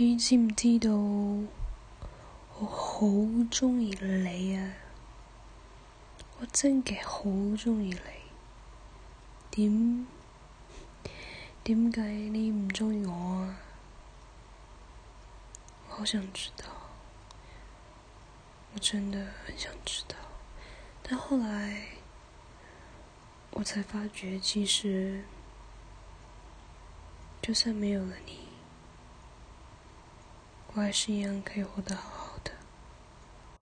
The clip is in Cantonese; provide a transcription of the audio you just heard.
你知唔知道我好鍾意你啊？我真嘅好鍾意你。點點解你唔鍾意我啊？我好想知道，我真的很想知道。但後來我才發覺，其實就算沒有了你。我還是一樣可以活得好。